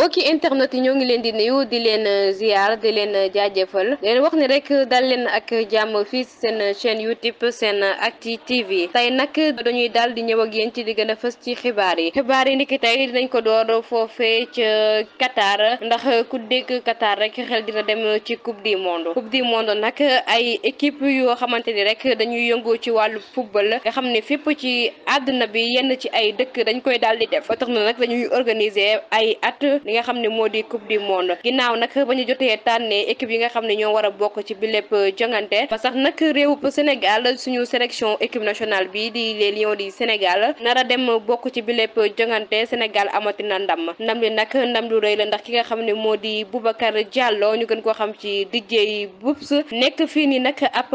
mbokki internet yi ñoo ngi leen di nuyu di leen euh, ziar di leen euh, jaajëfal leen wax ni rek dal leen ak jàmm fii seen chaîne youtube SENactu TV tey nag dañuy daal di ñëw ak yéen ci di a fës ci xibaar yi xibaar yi ndiki tey dinañ ko door foofee ca Qatar ndax ku dégg Qatar rek xel dina dem ci coupe du monde coupe du monde nag ay équipe yoo xamante ni rek dañuy yëngoo ci wàllu football nga xam ne fépp ci àddina bi yenn ci ay dëkk dañ koy daal di def ba tax na dañuy organiser ay at li nga xam ne moo di coupe du monde ginnaaw nag ba ñu jotee tànnee équipe yi nga xam ne ñoo war a bokk ci bi lépp euh, jongante ba sax nag réew Sénégal suñu sélection équipe nationale bi di les lions du Sénégal nar a dem bokk ci bi lépp jongante Sénégal amati na ndam ndam li nag ndam lu rëy la ndax ki nga xam ne moo di Boubacar Diallo ñu gën koo xam ci DJ Boubs nekk fii nii nag ab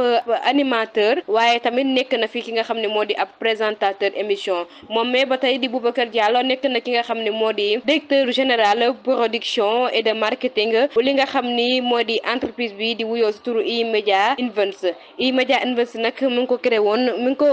animateur waaye tamit nekk na fii ki nga xam ne moo di ab présentateur émission moom mais ba tey di Boubacar Diallo nekk na ki nga xam ne moo di directeur général Fall production et de marketing bu li nga xam ni moo di entreprise bi di wuyoo si turu E-Media Invest E-Media Invest nag mu ngi ko créé woon mu ngi ko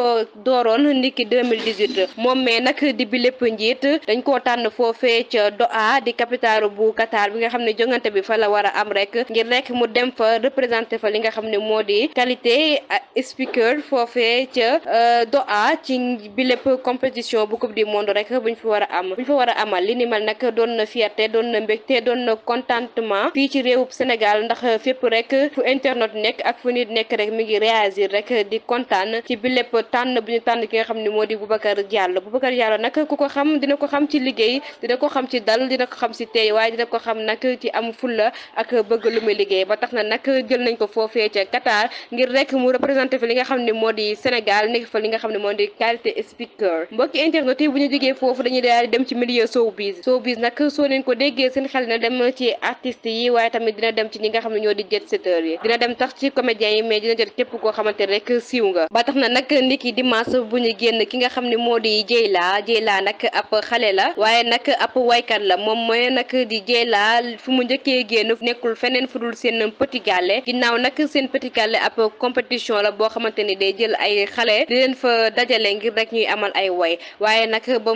dooroon ndiki 2018 moom mais nag di bi lépp njiit dañ koo tànn foofee ca Doha di capitale bu Qatar bi nga xam ne jongante bi fa la war a am rek ngir rek mu dem fa représenté fa li nga xam ne moo di qualité speaker foofee ca euh, Doha ci bi lép compétition bu coupe du monde rek buñ fa war a am buñ fa war a fierté doon na mbégte doon na contentement fii ci réewub Sénégal ndax fépp rek fu internet nekk ak fu nit nekk rek mi ngi réagir rek di kontaan ci bi lépp tànn bu ñu tànn ki nga xam ni moo di Boubacar Diallo Boubacar Diallo nag ku ko xam dina ko xam ci liggéey dina ko xam ci dal dina ko xam si tey waaye dina ko xam nag ci am fulla ak bëgg lu liggéey ba tax na nag jël nañ ko foofee ca Qatar ngir rek mu représenté fi li nga xam ne moo di Sénégal nekk fa li nga xam ne moo di qualité speaker mbokki internet yi bu ñu jógee foofu dañuy daal di dem ci milieu showbiz showbiz nag soo leen ngeen ko déggee seen xel na dem ci artistes yi waaye tamit dina dem ci ñi nga xam ne ñoo di jet setteurs yi dina dem tax ci comédiens yi mais dina jot képp koo xamante rek siiw nga ba tax na nag ndiki dimanche bu ñu génn ki nga xam ne moo di Dieyla Dieyla nag ab xale la waaye nag ab waykat la moom mooy nag di laa fu mu njëkkee génn nekkul feneen fu dul seen Petit Gallé ginnaaw nag seen Petit Gallé ab compétition la boo xamante ni day jël ay xale di fa dajale ngir rek ñuy amal ay way waaye nag ba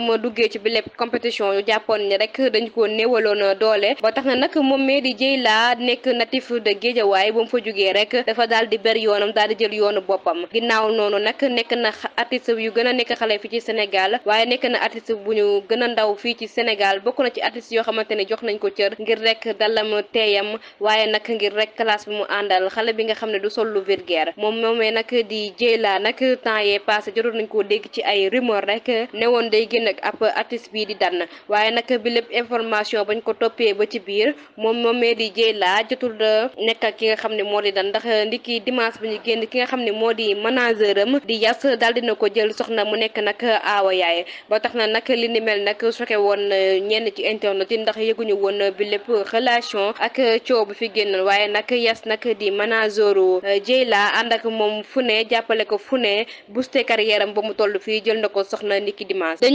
néewaloon doole ba tax na nag moom mee di Dieyla nekk natif de Guédiawaye ba mu fa jugee rek dafa daal di ber yoonam daal di jël yoonu boppam ginnaaw noonu nag nekk na artiste yu gën a nekk xale fii ci Sénégal waaye nekk na artiste bu ñu gën ndaw fii ci Sénégal bokk na ci artiste yoo xamante ne jox nañ ko cër ngir rek dalam teeyam waaye nag ngir rek classe bi mu àndal xale bi nga xam ne du sol lu vulgaire moom moomee nag di laa nag temps yee passé jotoon nañ koo dégg ci ay rumeur rek newoon day génn ak ab artiste bii di dann waaye nag bi lépp information information bañ ko toppee ba ci biir moom moomee di Dieyla jotul euh, nekk ki nga xam ne moo di daan ndax euh, ndiki dimanche bi ñu génn ki nga xam ne moo di manager am di yas daal na ko jël soxna mu nekk nag aawa yaay ba tax na nag li ni mel nag soke woon euh, ñenn ci internet yi ndax yëguñu woon bi lépp relation ak coow bu fi génn waaye nag yas nag di manageru Dieyla ànd ak moom fu ne jàppale ko fu ne booster carrière am ba mu toll fii jël na ko soxna ndiki dimanche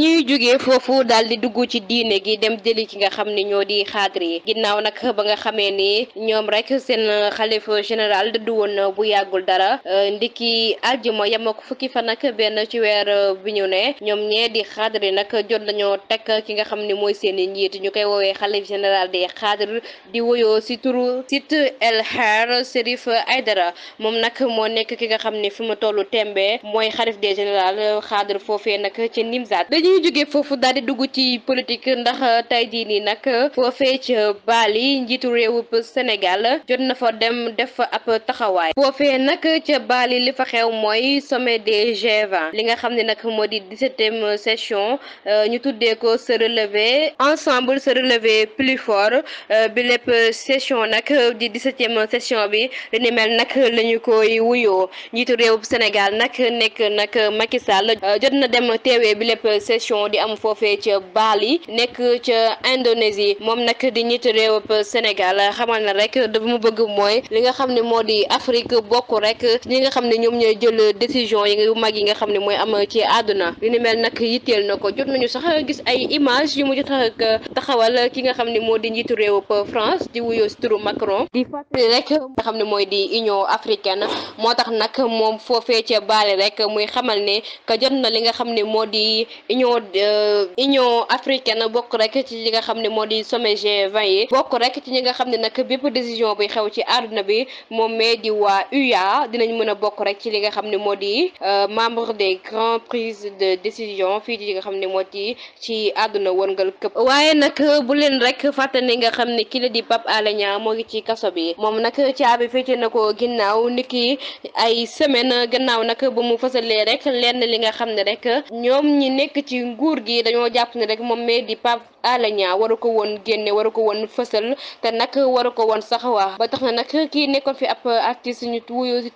xam ni ñoo di xaadir yi ginnaaw nag ba nga xamee ni ñoom rek seen xalif général dëddu woon bu yàggul dara euh, ndiki aljuma yem ak fukki fan nag benn ci weer euh, bi ñu ne ñoom ñee di xaadir yi nag jot nañoo tekk ki nga xam ni mooy seen i njiit ñu koy woowee xalif général di xaadir di woyoo si sit site El Hadj Serif Aydara moom nag moo nekk ki nga xam ni fi mu tollu tembe mooy xalif de général euh, xaadir foofee nag ci Nimzaat dañuy jóge foofu daal dugg ci politique ndax nag foofee ca Bali njiitu réewub Sénégal jot na fa dem def fa ab taxawaay foofee nag ca Bali li fa xew mooy sommet des g li nga xam ne nag moo di dix-septième session euh, ñu tuddee ko se relever ensemble se relever plus fort euh, bi lépp session nag di dix-septième session bi li ni mel nag la ñu koy wuyoo njiitu réewub Sénégal nag nekk nag Macky euh, jot na dem teewee bi lépp session di am foofee ca Bali nekk ca Indonésie Indonésie moom nag di njiitu réewub Sénégal xamal na rek da mu bëgg mooy li nga xam ne moo di Afrique bokk rek ñi nga xam ne ñoom ñoo jël décision yi nga mag yi nga xam ne mooy am ci àdduna li ni mel nag yitteel na ko jot nañu sax gis ay image yu mu jot a taxawal ki nga xam ne moo di njiitu réewub France di wuyoo si turu Macron di xam ne mooy di Union africaine moo tax nag moom foofee ca baale rek muy xamal ne que jot na li nga xam ne moo di Union euh, africaine bokk rek ci nga xam ne moo di sommet G20 yi bokk rek ci ñi nga xam ne nag bépp décision bi xew ci àdduna bi moom mee di waa UA dinañ mën a bokk rek ci li nga xam ne moo di euh, membre des grands de décision fii ci li nga xam ne moo di ci àdduna wërngal këpp waaye nag bu leen rek fàttali nga xam ne ki di Pape Alé Niang moo ngi ci kaso bi moom nag caabi féete na ko ginnaaw ki ay semaine gannaaw nag ba mu fësalee rek lenn li nga xam ne rek ñoom ñi nekk ci nguur gi dañoo jàpp ne rek moom mee di Pape Alé Niang waru ko woon génne waru ko woon fësal te nag waru ko woon sax wax ba tax na nag kii nekkoon fi ab artiste ñu wuyu si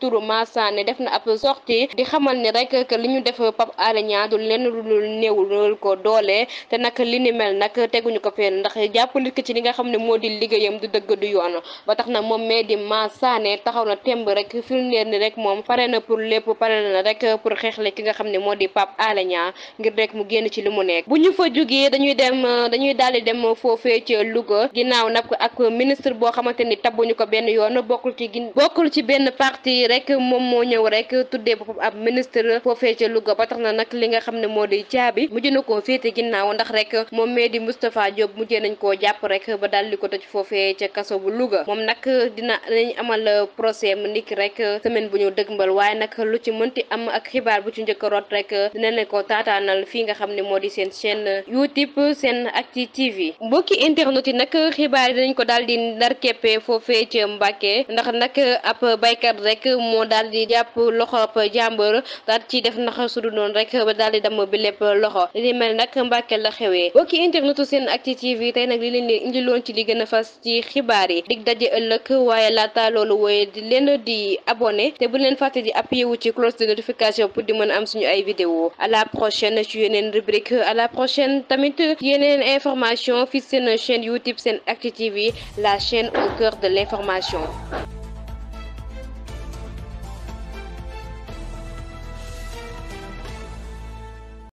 def na ab sortie di xamal ni rek que li ñu def Pape Alé Niang du lenn lu néewul ko doole te nag li ni mel nag teguñu ko fenn ndax jàppale ko ci li nga xam ne moo di liggéeyam du dëgg du yoon ba tax na moom mee di Massane taxaw na temb rek firndeel ni rek moom pare na pour lépp pare na rek pour xeexle ki nga xam ne moo di Pape Alé Niang ngir rek mu génn ci li mu nekk bu ñu fa jugee dañuy dem dañuy daal dem amoo foofee ca Louga ginnaaw nag ak ministre boo xamante ni tab tabbuñu ko benn yoon bokkul ci gin bokkul ci benn parti rek moom moo ñëw rek tuddee boppam ab ministre foofee ca Louga ba tax na nag li nga xam ne moo di caabi mujj na koo féete ginnaaw ndax rek moom mee di Moustapha mujjee nañ koo jàpp rek ba daal di ko tëj foofee ca kaso bu Louga moom nag dina nañ amal procès mu niki rek semaine bu ñu dëgmbal waaye nag lu ci mënti am ak xibaar bu ci njëkk rot rek dina ne ko taataanal fii nga xam ne moo di seen chaîne YouTube SENactu TV mbokki internet yi nag xibaar yi dañ ko daal di ndar keppe foofee ca Mbàkke ndax nag ab baykat rek moo daal di jàpp loxo ab jàmbur daal ci def naxa du noonu rek ba daal di damm bi lépp loxo li mel nag Mbàkke la xewee mbokki internet SENactu TV tey nag li leen di indiloon ci li gën a fas ci xibaar yi dig daje ëllëg waaye laata loolu wooye di leen di abonné te bu leen fàtte di appuyé wu ci cloche de notification pour di mën a am suñu ay vidéo à la prochaine ci yeneen rubrique la prochaine tamit yeneen information office seen chaîne YouTube SENactu TV la chaîne au cœur de l'information